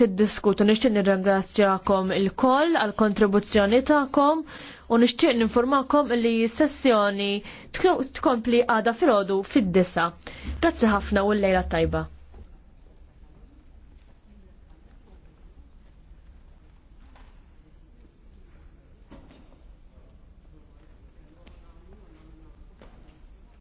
tiddiskutu. Nixtieq nirringrazzjakom il-koll għal kontribuzzjoni tagħkom u nixtieq ninformakom li s-sessjoni tkompli għada filgħodu fid-disa. Grazzi ħafna u l-lejla tajba.